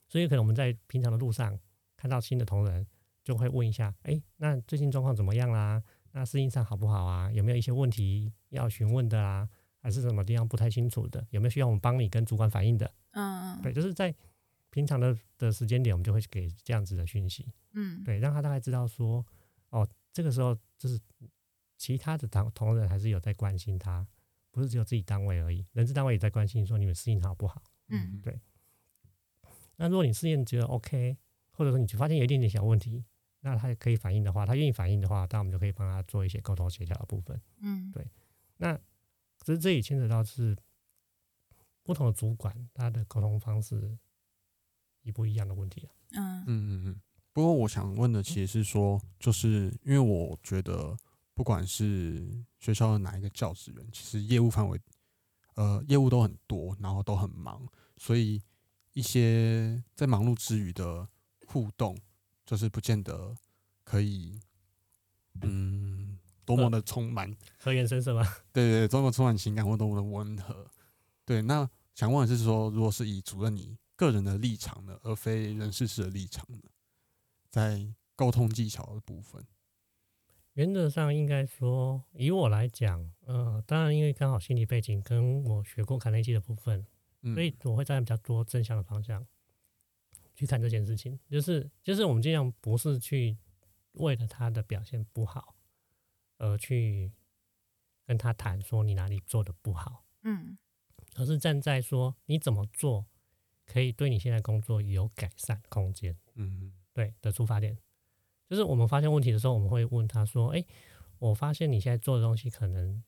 所以可能我們在平常的路上看到新的同仁，就會問一下：哎、欸，那最近狀況怎麼樣啦、啊？那適應上好不好啊？有沒有一些問題要詢問的啦、啊？還是什麼地方不太清楚的？有沒有需要我們幫你跟主管反映的？Uh, 對，就是在。平常的的時間點，我們就會給這樣子的訊息，嗯，對，讓他大概知道說，哦，這個時候就是其他的同同仁還是有在關心他，不是只有自己單位而已，人事單位也在關心，說你們適應好不好，嗯，對。那如果你適應覺得 OK，或者說你發現有一點點小問題，那他可以反映的話，他願意反映的話，那我們就可以幫他做一些溝通協調的部分，嗯，對。那其實這裡牽扯到是不同的主管他的溝通方式。一不一樣的問題啊，嗯嗯嗯，不過我想問的其實是說，就是因為我覺得，不管是學校的哪一個教職員，其實業務範圍，呃，業務都很多，然後都很忙，所以一些在忙碌之餘的互動，就是不見得可以，嗯，多麼的充滿和顏悅色嗎？對對對，多麼充滿情感或多麼的溫和？對，那想問的是說，如果是以主任你。個人的立場呢，而非人事室的立場呢，在溝通技巧的部分，原則上應該說，以我來講，呃，當然因為剛好心理背景跟我學過卡內基的部分，嗯，所以我會站在比較多正向的方向去談這件事情。就是就是我們盡量不是去為了他的表現不好，而去跟他談說你哪裡做的不好，嗯，而是站在說你怎麼做。可以對你現在工作有改善空間。嗯哼，嗯對的出發點，就是我們發現問題的時候，我們會問他說：“欸，我發現你現在做的東西可能，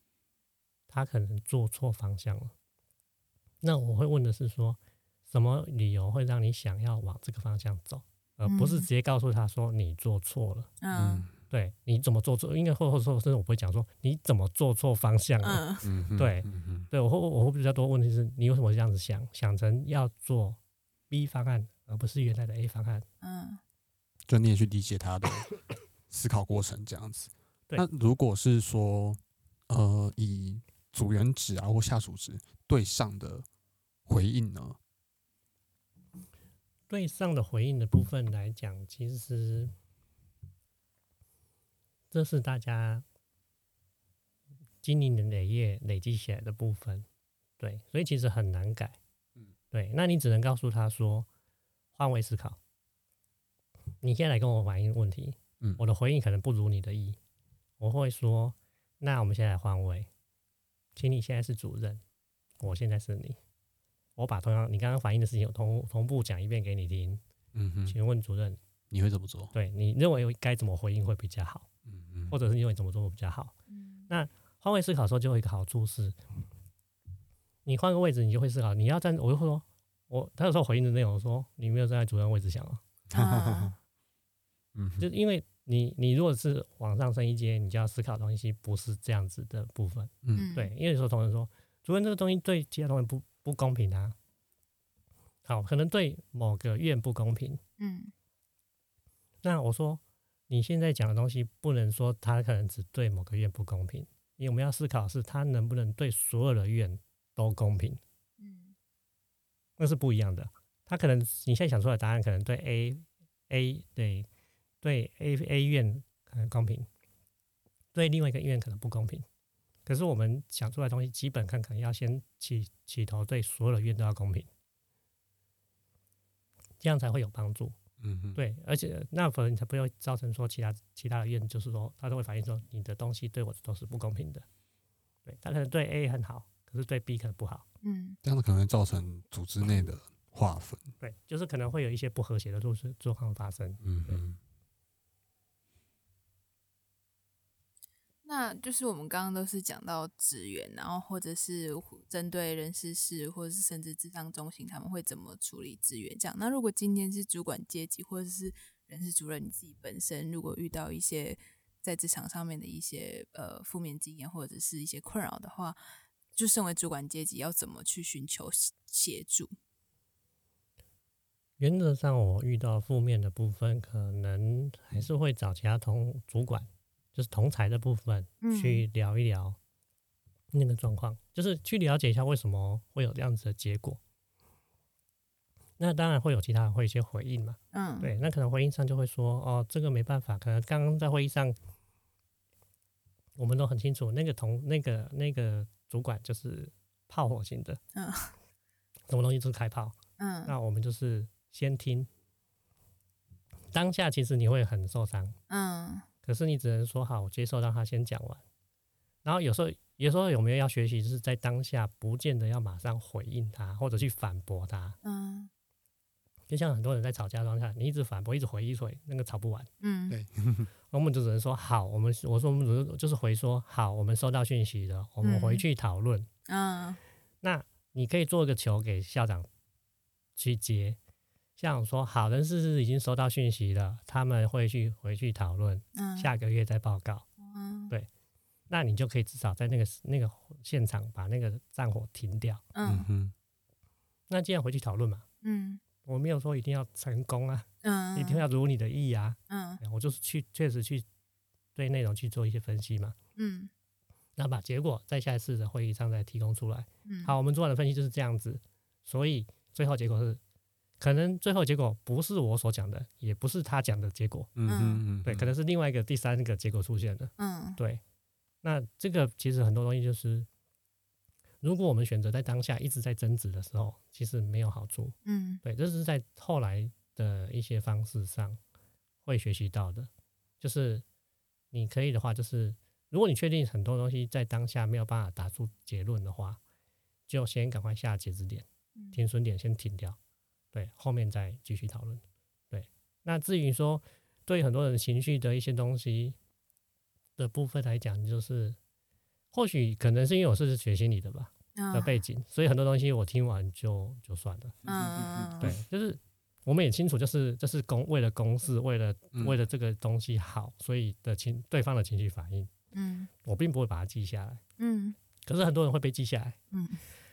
他可能做錯方向了。”那我會問的是說：“什麼理由會讓你想要往這個方向走？”而不是直接告訴他說你做錯了。嗯。嗯對，你怎麼做錯，應該後後說，甚至我不會講說你怎麼做錯方向。嗯嗯哼，對，嗯、哼對，我會我會比較多問題是你為什麼這樣子想，想成要做 B 方案而不是原來的 A 方案？嗯，就你也去理解他的思考過程這樣子。咳咳，那如果是說呃，以組員、啊、職啊或下屬職對上的回應呢？對上的回應的部分來講，其實。這是大家經歷的累月累積起來的部分，對，所以其實很難改，對，那你只能告訴他說換位思考，你現在來跟我反映問題，嗯，我的回應可能不如你的意，我會說，那我們現在來換位，請你現在是主任，我現在是你，我把同樣你剛剛反映的事情我同同步講一遍給你聽，嗯，請問主任，嗯哼，你會怎麼做？對，你認為該怎麼回應會比較好？嗯，或者是因為怎麼做比較好。嗯，那換位思考的時候，就會有一個好處是，你換個位置，你就會思考，你要站。我就會說，我他有時候回應的內容說，你沒有站在主任位置想啊。嗯，就是因為你，你如果是往上升一階，你就要思考的東西不是這樣子的部分。嗯，對，因為有時候同仁說，主任這個東西對其他同仁不不公平啊。好，可能對某個院不公平。嗯，那我說。你現在講的東西不能說他可能只對某個院不公平，因為我們要思考的是他能不能對所有的院都公平，那是不一樣的。他可能你現在想出來的答案可能對 A A 對對 A A 院可能公平，對另外一個院可能不公平。可是我們想出來的東西，基本看看要先起起頭，對所有的院都要公平，這樣才會有幫助。嗯，對，而且那可能你才不會造成說其他其他的怨，就是說，他都會反映說你的東西對我都是不公平的，對，他可能對 A 很好，可是對 B 可能不好，嗯，這樣子可能會造成組織內的劃分，對，就是可能會有一些不和諧的就是狀況發生，嗯嗯。那就是我們剛剛都是講到資源，然後或者是針對人事室，或者是甚至諮商中心，他們會怎麼處理資源？這樣，那如果今天是主管階級，或者是人事主任，你自己本身如果遇到一些在職場上面的一些呃負面經驗，或者是一些困擾的話，就身為主管階級，要怎麼去尋求協助？原則上，我遇到負面的部分，可能還是會找其他同主管。就是同財的部分去聊一聊、嗯、那個狀況，就是去了解一下為什麼會有這樣子的結果。那當然會有其他人會有一些回應嘛，嗯，對，那可能回應上就會說哦，這個沒辦法，可能剛剛在會議上我們都很清楚，那個同那個那個主管就是炮火型的，嗯，什麼東西都開炮，嗯，那我們就是先聽。當下其實你會很受傷，嗯。可是你只能說好，我接受，讓他先講完。然後有時候，有時候有沒有要學習，就是在當下不見得要馬上回應他或者去反駁他。嗯，就像很多人在吵架狀態下，你一直反駁，一直回應，所以那個吵不完。嗯，對，我們就只能說好，我們我說我們就是回說好，我們收到訊息了，我們回去討論。嗯。嗯，那你可以做一個球給校長去接。這樣說，好，人事是已經收到訊息了，他們會去回去討論，嗯、下個月再報告。嗯、對，那你就可以至少在那個那個現場把那個戰火停掉。嗯哼那這樣回去討論嘛，嗯，我沒有說一定要成功啊，嗯，一定要如你的意啊，嗯，我就是去確實去對內容去做一些分析嘛，嗯，那把結果在下一次的會議上再提供出來。嗯、好，我們做完的分析就是這樣子，所以最後結果是。可能最後結果不是我所講的，也不是他講的結果，嗯嗯嗯，對，可能是另外一個第三個結果出現了，嗯，對，那這個其實很多東西就是，如果我們選擇在當下一直在爭執的時候，其實沒有好處，嗯，對，這是在後來的一些方式上會學習到的，就是你可以的話，就是如果你確定很多東西在當下沒有辦法打出結論的話，就先趕快下截止點，停損點先停掉。嗯對，後面再繼續討論。對，那至於說對很多人情緒的一些東西的部分來講，就是或許可能是因為我是學心理的吧、哦、的背景，所以很多東西我聽完就就算了。嗯、哦、對，就是我們也清楚、就是，就是這是公為了公事，為了、嗯、為了這個東西好，所以的情對方的情緒反應，嗯，我並不會把它記下來。嗯。可是很多人會被記下來。嗯。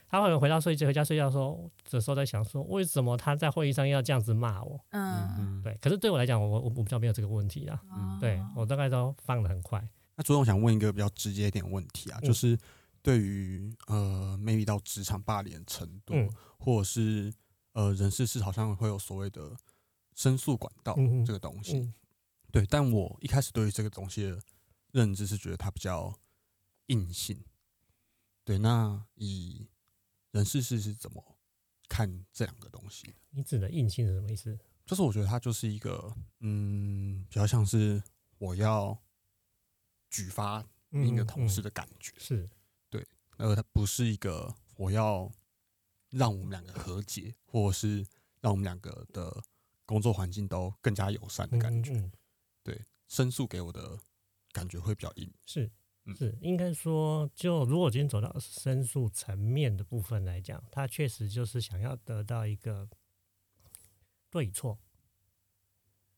他會回到睡覺，回家睡覺的時候，這時候在想說，為什麼他在會議上要這樣子罵我？嗯，嗯，對。可是對我來講，我我我比較沒有這個問題啊？嗯、對我大概都放得很快。那主動想問一個比較直接一點問題啊，就是對於呃，maybe 到職場霸凌的程度，嗯、或者是呃，人事室好像會有所謂的申訴管道，嗯嗯，這個東西。嗯、對，但我一開始對於這個東西的認知是覺得它比較硬性。對，那以。人事室是怎麼看這兩個東西的，你指的硬性是什麼意思？就是我覺得它就是一個，嗯，比較像是我要舉發一個同事的感覺，嗯嗯、是對，那個它不是一個我要讓我們兩個和解，或者是讓我們兩個的工作環境都更加友善的感覺，嗯嗯、對，申訴給我的感覺會比較硬，是。是，應該說，就如果今天走到申訴層面的部分來講，他確實就是想要得到一個對錯。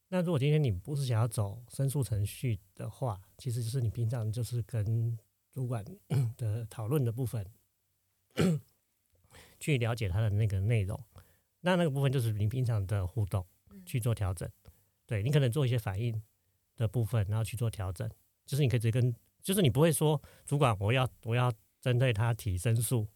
那如果今天你不是想要走申訴程序的話，其實就是你平常就是跟主管的討論的部分， [COUGHS] 去了解他的那個內容。那那個部分就是你平常的互動、嗯、去做調整。對，你可能做一些反應的部分，然後去做調整，就是你可以直接跟。就是你不會說主管我，我要我要針對他提申訴。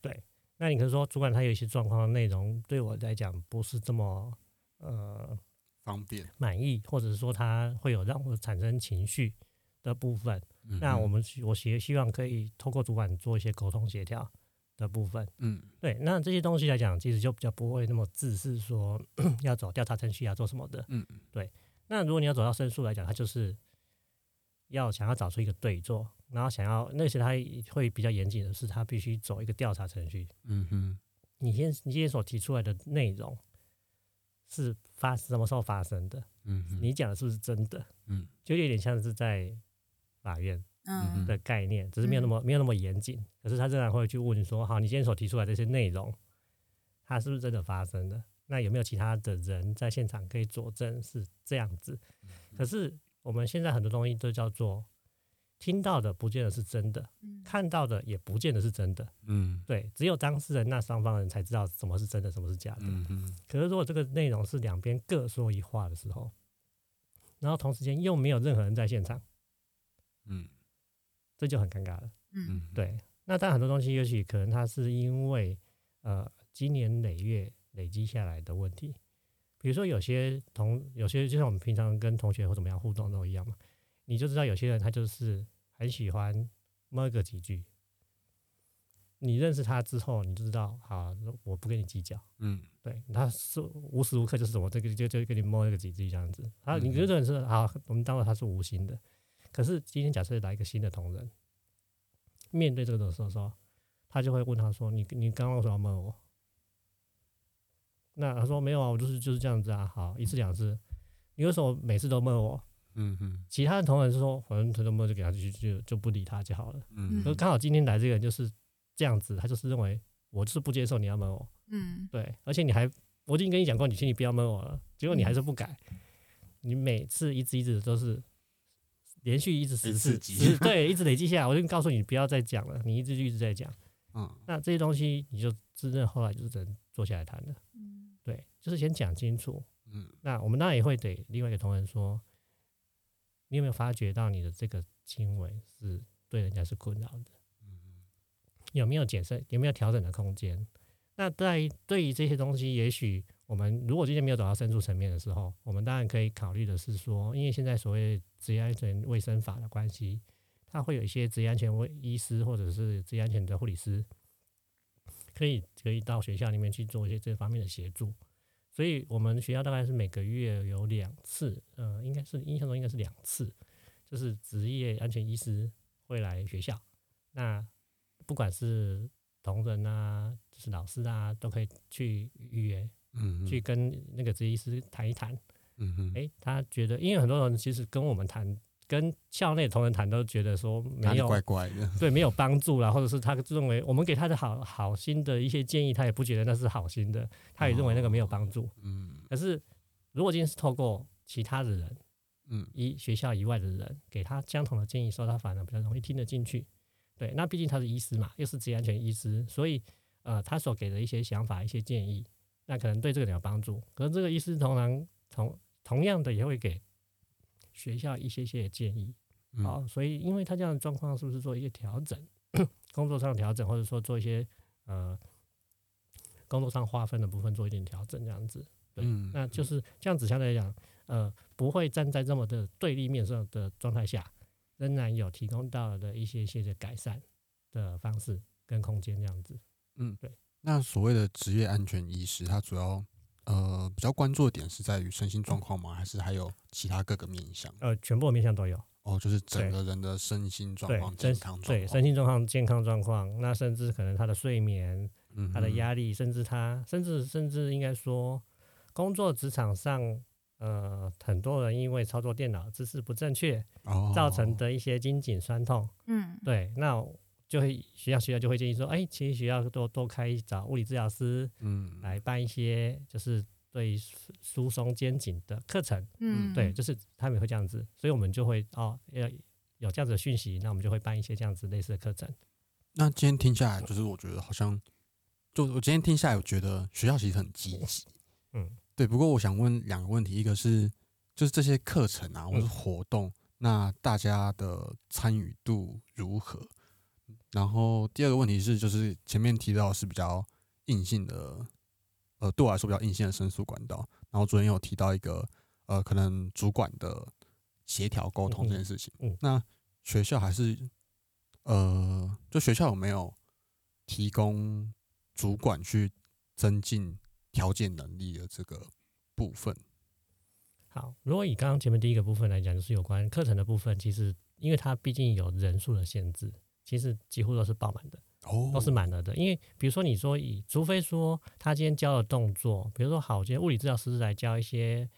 對，那你可以說主管，他有一些狀況內容對我來講不是這麼呃、方便滿意，或者是說他會有讓我產生情緒的部分，嗯嗯，那我們我也希望可以透過主管做一些溝通協調的部分，嗯、對，那這些東西來講，其實就比較不會那麼自私，說 [COUGHS] 要走調查程序啊，做什麼的，嗯嗯，對，那如果你要走到申訴來講，它就是。要想要找出一個對錯，然後想要那些，他會比較嚴謹的是，他必須走一個調查程序。嗯哼，你先你今天所提出來的內容是發什麼時候發生的？嗯哼你講的是不是真的？嗯，就有點像是在法院的概念，嗯、哼只是沒有那麼沒有那麼嚴謹。可是他仍然會去問說：，嗯、好，你今天所提出來這些內容，它是不是真的發生的？那有沒有其他的人在現場可以佐證是這樣子？嗯、哼可是。我們現在很多東西都叫做聽到的不見得是真的，看到的也不見得是真的。嗯，對，只有當事人那雙方人才知道什麼是真的，什麼是假的。嗯哼。可是如果這個內容是兩邊各說一話的時候，然後同時間又沒有任何人在現場，嗯，這就很尷尬了。嗯，對。那但很多東西，也許可能它是因為呃，積年累月累積下來的問題。比如說，有些同，有些就像我們平常跟同學或怎麼樣互動都一樣嘛，你就知道有些人他就是很喜歡摸個幾句。你認識他之後，你就知道，好，我不跟你計較。嗯，對，他是無時無刻就是我這個就就，就跟你摸一個幾句這樣子。啊、嗯，你就覺得是好，我們當作他是無心的。可是今天假設來一個新的同仁，面對這個的時候，說他就會問他說：“你你剛剛為什麼要摸我？”那他說沒有啊，我就是就是這樣子啊。好，一次兩次，嗯、你為什麼每次都悶我？嗯哼其他的同仁是說，反正他都悶就給他就就就不理他就好了。嗯哼。可是剛好今天來這個人就是這樣子，他就是認為我就是不接受，你要悶我。嗯。對，而且你還我已經跟你講過，你請你不要悶我了，結果你還是不改，嗯、你每次一直一直都是連續一直十次對，一直累積下來，我就告訴你不要再講了。你一直就一直在講。嗯、那這些東西你就真正後來就是只能坐下來談的。嗯就是先講清楚，那我們當然也會對另外一個同仁說，你有沒有發覺到你的這個行為是對人家是困擾的？嗯哼有有？有沒有減，有沒有調整的空間？那在對於這些東西，也許我們如果今天沒有走到深入層面的時候，我們當然可以考慮的是說，因為現在所謂職業安全衛生法的關係，它會有一些職業安全衛醫師或者是職業安全的護理師，可以可以到學校裡面去做一些這方面的協助。所以我們學校大概是每個月有兩次，嗯、呃，應該是印象中應該是兩次，就是職業安全醫師會來學校，那不管是同仁啊，就是老師啊，都可以去預約，嗯哼，去跟那個職業醫師談一談，嗯哼誒，他覺得，因為很多人其實跟我們談。跟校內同仁談，都覺得說沒有對，沒有幫助了，或者是他認為我們給他的好好心的一些建議，他也不覺得那是好心的，他也認為那個沒有幫助。可是如果今天是透過其他的人，嗯，一學校以外的人給他相同的建議，說他反而比較容易聽得進去。對，那畢竟他是醫師嘛，又是職業安全醫師，所以呃，他所給的一些想法、一些建議，那可能對這個人有幫助。可是這個醫師同仁同同樣的也會給。學校一些些建議，好、嗯哦，所以因為他這樣的狀況，是不是做一些調整，嗯、工作上調整，或者說做一些呃工作上劃分的部分，做一點調整，這樣子，對，嗯嗯、那就是這樣子，相對來講，呃，不會站在這麼的對立面上的狀態下，仍然有提供到的一些些的改善的方式跟空間，這樣子，嗯，對，那所謂的職業安全意識，它主要，呃，比較關注的點是在於身心狀況嗎？還是還有其他各個面向？呃，全部面向都有。哦，就是整個人的身心狀況、健康狀況。對，身，對身心狀況、健康狀況，那甚至可能他的睡眠、他的壓力，甚至他，嗯、哼甚至甚至應該說，工作職場上，呃，很多人因為操作電腦姿勢不正確，哦、造成的一些肩頸痠痛。嗯，對，那。就會學校學校就會建議說，哎、欸，其實學校多多開找物理治療師，嗯，來辦一些就是對疏鬆肩頸的課程，嗯，嗯，對，就是他們會這樣子，所以我們就會哦，有有這樣子的訊息，那我們就會辦一些這樣子類似的課程。那今天聽下來，就是我覺得好像，就我今天聽下來，我覺得學校其實很積極，嗯，對。不過我想問兩個問題，一個是就是這些課程啊或是活動，嗯、那大家的參與度如何？然後第二個問題是，就是前面提到是比較硬性的，呃，對我來說比較硬性的申訴管道。然後昨天有提到一個，呃，可能主管的協調溝通這件事情。嗯。嗯，那學校還是，呃，就學校有沒有提供主管去增進調解能力的這個部分？好，如果以剛剛前面第一個部分來講，就是有關課程的部分，其實因為它畢竟有人數的限制。其實幾乎都是爆滿的，oh. 都是滿了的。因為比如說，你說以，除非說他今天教的動作，比如說好，今天物理治療師來教一些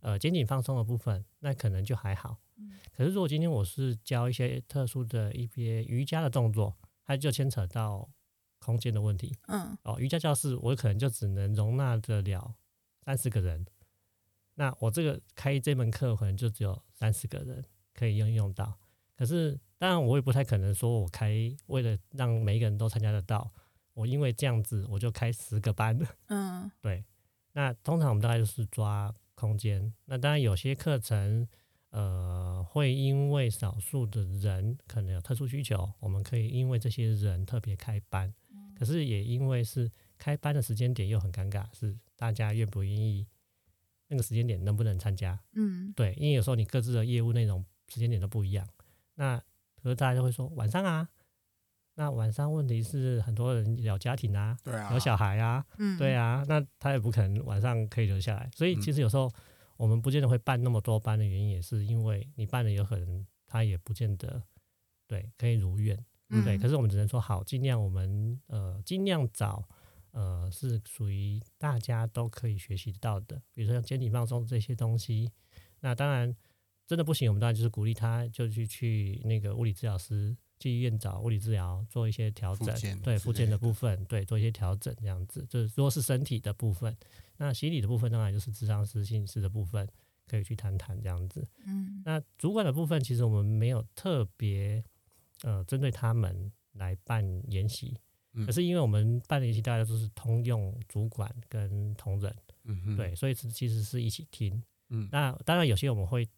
呃肩頸放鬆的部分，那可能就還好。嗯。可是如果今天我是教一些特殊的一些瑜伽的動作，它就牽扯到空間的問題。嗯。哦，瑜伽教室我可能就只能容納得了三十個人。那我這個開這門課可能就只有三十個人可以用用到，可是。當然，我也不太可能說，我開為了讓每一個人都參加得到，我因為這樣子，我就開十個班。嗯，對。那通常我們大概就是抓空間。那當然，有些課程，呃，會因為少數的人可能有特殊需求，我們可以因為這些人特別開班。嗯。可是也因為是開班的時間點又很尷尬，是大家願不願意，那個時間點能不能參加？嗯，對。因為有時候你各自的業務內容時間點都不一樣。那。所以大家就會說晚上啊，那晚上問題是很多人聊家庭啊，聊、啊、小孩啊，對啊，那他也不可能晚上可以留下來，嗯、所以其實有時候我們不見得會辦那麼多班的原因，也是因為你辦了有可能他也不見得對，可以如願，嗯、對，可是我們只能說好，盡量我們呃盡量找呃是屬於大家都可以學習到的，比如說像肩頸放鬆這些東西，那當然。真的不行，我們當然就是鼓勵他，就去去那個物理治療師，去醫院找物理治療，做一些調整，復健，對，復健的部分，對，對，做一些調整，這樣子，就是如果是身體的部分。那心理的部分，當然就是諮商師、心理師的部分，可以去談談這樣子。嗯，那主管的部分，其實我們沒有特別呃針對他們來辦研習，嗯，可是因為我們辦研習，大家都是通用主管跟同仁，嗯哼，對，所以其實是一起聽。嗯，那當然有些我們會。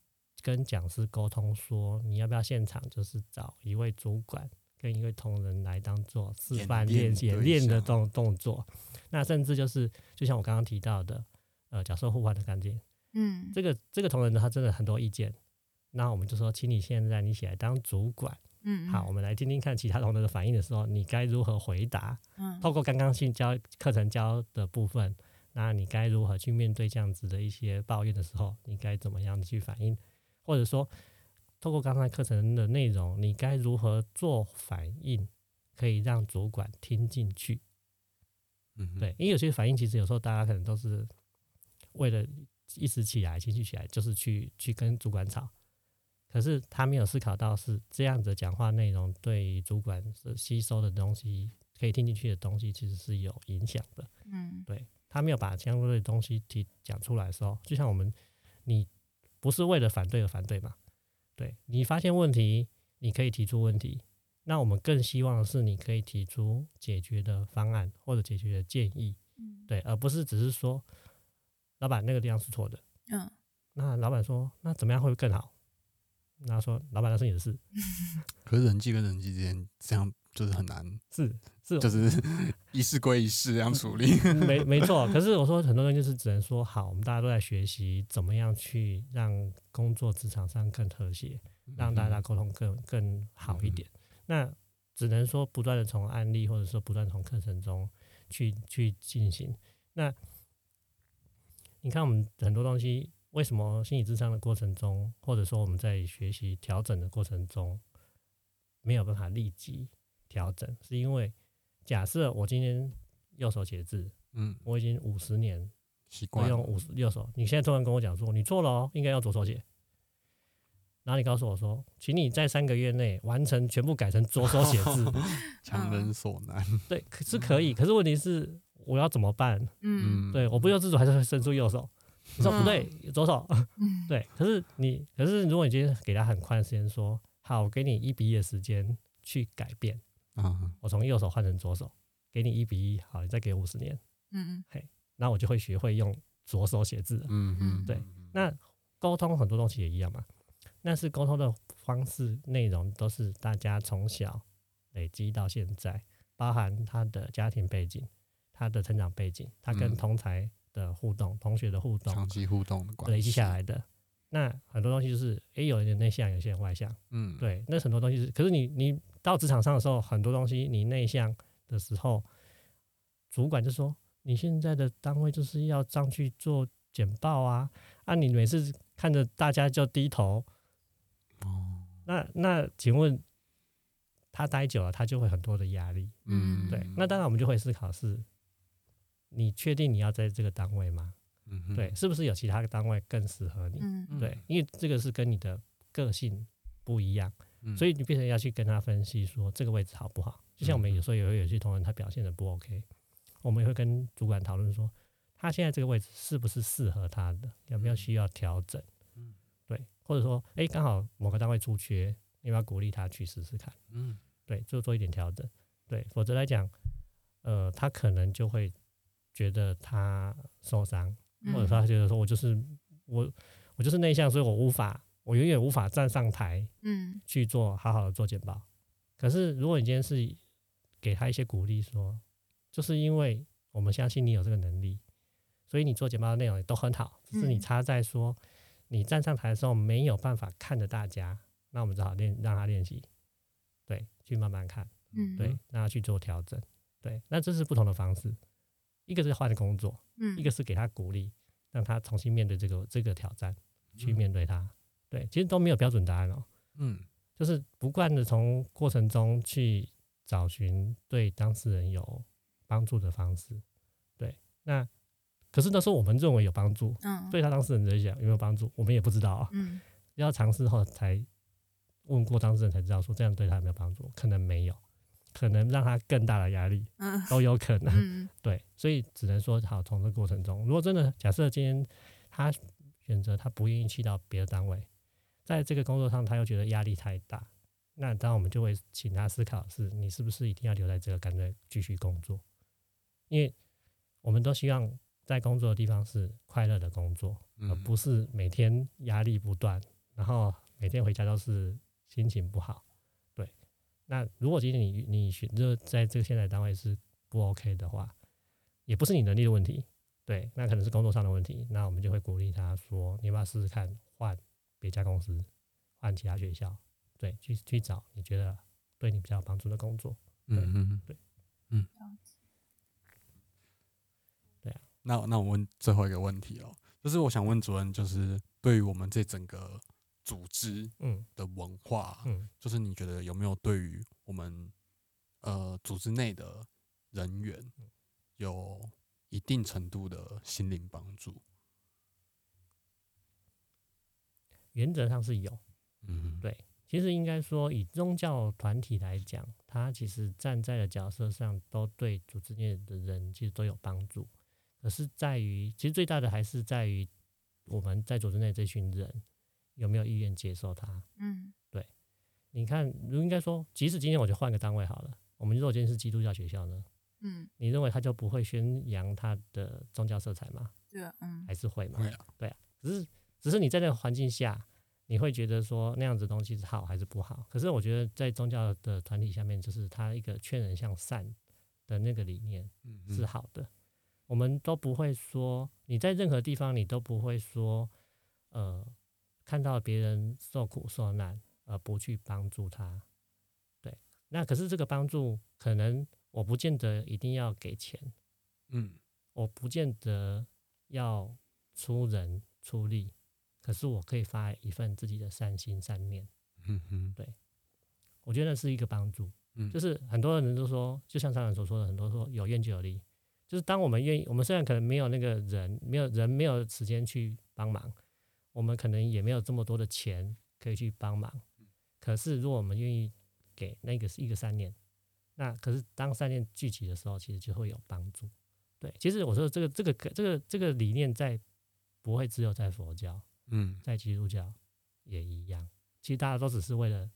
跟講師溝通說，你要不要現場就是找一位主管跟一位同仁來當做示範練習練的動動作？那甚至就是就像我剛剛提到的，呃，角色互換的感覺，嗯，這個這個同仁他真的很多意見，那我們就說，請你現在你起來當主管，嗯，好，我們來聽聽看其他同仁的反應的時候，你該如何回答？嗯，透過剛剛訓教課程教的部分，那你該如何去面對這樣子的一些抱怨的時候，你該怎麼樣去反應？或者說，透過剛才課程的內容，你該如何做反應，可以讓主管聽進去？嗯、哼對，因為有些反應，其實有時候大家可能都是為了一時起來，情緒起來，就是去去跟主管吵。可是他沒有思考到，是這樣子講話內容對主管是吸收的東西，可以聽進去的東西，其實是有影響的。嗯、對，他沒有把相關的東西提講出來的時候，就像我們你。不是為了反對而反對嘛？對你發現問題，你可以提出問題。那我們更希望的是你可以提出解決的方案或者解決的建議，嗯、對，而不是只是說老板那個地方是錯的。嗯，那老板說那怎麼樣會更好？那說老板那是你的事 [LAUGHS] 可是人際跟人際之間這樣。就是很難，是是，就是一事歸一事這樣處理 [LAUGHS] 沒。沒沒錯，可是我說很多人就是只能說好，我們大家都在學習怎麼樣去讓工作職場上更和諧，讓大家溝通更更好一點。嗯嗯那只能說不斷的從案例或者說不斷從課程中去去進行。那你看我們很多東西，為什麼心理諮商的過程中，或者說我們在學習調整的過程中，沒有辦法立即。調整是因為，假設我今天右手寫字，嗯，我已經五十年習慣用五右手，你現在突然跟我講說你錯了哦、喔，應該要左手寫，然後你告訴我說，請你在三個月內完成全部改成左手寫字，強人 [LAUGHS] 所難，對，可是可以，可是問題是我要怎麼辦？嗯，對，我不由自主還是會伸出右手，嗯，你說不對，左手，嗯，對，可是你，可是如果你今天給他很寬的時間，說好，我給你一比一的時間去改變。啊，uh huh、我從右手換成左手，給你一比一，好，你再給五十年，嗯嗯，嘿，那我就會學會用左手寫字，嗯嗯，對，那溝通很多東西也一樣嘛，那是溝通的方式、內容都是大家從小累積到現在，包含他的家庭背景、他的成長背景、他跟同才的互動、嗯、同學的互動、長期互動累積下來的。那很多東西就是，哎、欸，有些人內向，有些人外向，嗯，對，那很多東西是，可是你你到職場上的時候，很多東西你內向的時候，主管就說你現在的單位就是要上去做簡報啊，啊，你每次看着大家就低頭，哦，那那請問他待久了，他就會很多的壓力，嗯，對，那當然我們就會思考是，你確定你要在這個單位嗎？對，是不是有其他的單位更適合你？嗯，對，因為這個是跟你的個性不一樣，嗯，所以你變成要去跟他分析說這個位置好不好？就像我們有時候也會有些同仁他表現的不 OK，我們也會跟主管討論說他現在這個位置是不是適合他的，有沒有需要調整？對，或者說哎，剛好某個單位出缺，你要，要鼓勵他去試試看。對，就做一點調整，對，否則來講，呃，他可能就會覺得他受傷。或者說他覺得說，我就是我，嗯、我就是內向，所以我無法，我永遠無法站上台，去做好好的做簡報、嗯。可是如果你今天是給他一些鼓勵，說，就是因為我們相信你有這個能力，所以你做簡報的內容也都很好，只是你差在說，你站上台的時候沒有辦法看着大家，那我們只好練讓他練習，對，去慢慢看，嗯、對，讓他去做調整，對，那這是不同的方式。一個是換的工作，嗯、一個是給他鼓勵，讓他重新面對這個這個挑戰，嗯、去面對他，對，其實都沒有標準答案哦，嗯，就是不斷的從過程中去找尋對當事人有幫助的方式，對，那可是那時候我們認為有幫助，對、嗯、他當事人來講有沒有幫助，我們也不知道啊，嗯、要嘗試後才問過當事人才知道說這樣對他有沒有幫助，可能沒有。可能讓他更大的壓力，uh, 都有可能。嗯、對，所以只能說好，從這過程中，如果真的假設今天他選擇他不願意去到別的單位，在這個工作上他又覺得壓力太大，那當然我們就會請他思考是：是你是不是一定要留在這個崗位繼續工作？因為我們都希望在工作的地方是快樂的工作，嗯、而不是每天壓力不斷，然後每天回家都是心情不好。那如果今天你你選擇在這個現在的單位是不 OK 的話，也不是你能力的問題，對，那可能是工作上的問題。那我們就會鼓勵他說，你要不要試試看換別家公司，換其他學校，對，去去找你覺得對你比較有幫助的工作。嗯嗯對嗯，對啊，嗯，對，那那我問最後一個問題哦，就是我想問主任，就是對於我們這整個。組織嗯的文化嗯，嗯就是你覺得有沒有對於我們呃組織內的人員有一定程度的心靈幫助？原則上是有，嗯，對。其實應該說，以宗教團體來講，他其實站在的角色上都對組織內的人其實都有幫助。可是在於，其實最大的還是在於我們在組織內這群人。有沒有意願接受他？嗯，對，你看，如應該說，即使今天我就換個單位好了。我們如果今天是基督教學校呢？嗯，你認為他就不會宣揚他的宗教色彩嗎？對啊，嗯，還是會嗎？對啊。只是，只是你在那個環境下，你會覺得說那樣子東西是好還是不好？可是我覺得在宗教的團體下面，就是他一個勸人向善的那個理念是好的。嗯、哼我們都不會說你在任何地方，你都不會說，呃。看到別人受苦受難而、呃、不去幫助他，對，那可是這個幫助可能我不見得一定要給錢，嗯，我不見得要出人出力，可是我可以發一份自己的善心善念，嗯哼呵，對，我覺得那是一個幫助，嗯，就是很多人都說，就像上人所說的，很多人說有願就有力。就是當我們願意，我們雖然可能沒有那個人，沒有人沒有時間去幫忙。嗯我們可能也沒有這麼多的錢可以去幫忙，可是如果我們願意給那個是一個善念，那可是當善念聚集的時候，其實就會有幫助。對，其實我說這個這個這個這個理念在不會只有在佛教，嗯，在基督教也一樣。其實大家都只是為了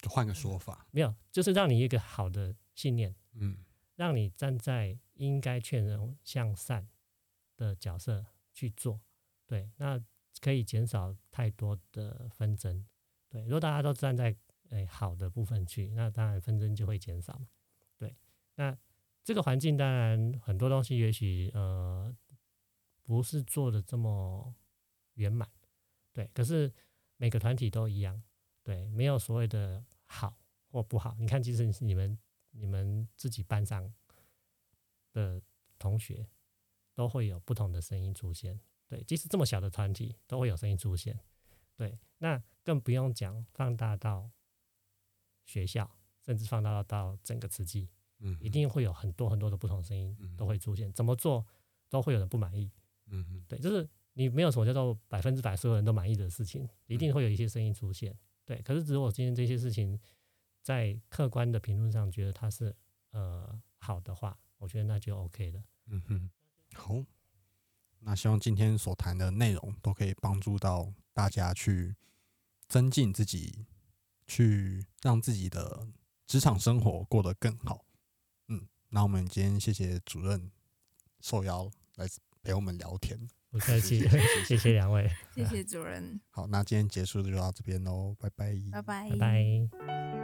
就換個說法，呃、沒有，就是讓你一個好的信念，嗯，讓你站在應該勸人向善的角色去做，對，那。可以減少太多的紛爭，對。如果大家都站在欸好的部分去，那當然紛爭就會減少嘛，對。那這個環境當然很多東西也許呃不是做得這麼圓滿，對。可是每個團體都一樣，對，沒有所謂的好或不好。你看，其實你們你們自己班上的同學，都會有不同的聲音出現。對，即使這麼小的團體都會有聲音出現，對，那更不用講放大到學校，甚至放大到整個慈濟、嗯、哼一定會有很多很多的不同聲音都會出現，嗯、哼怎麼做都會有人不滿意，嗯哼對，就是你沒有什麼叫做百分之百所有人都滿意的事情，嗯、哼一定會有一些聲音出現，對，可是只有我今天這些事情在客觀的評論上覺得它是呃好的話，我覺得那就 OK 了，嗯哼，好。那希望今天所談的內容都可以幫助到大家去增進自己，去讓自己的職場生活過得更好。嗯，那我們今天謝謝主任受邀來陪我們聊天，不客氣，謝謝兩位，謝謝主任。好，那今天結束就到這邊嘍，拜拜，拜拜，拜，拜。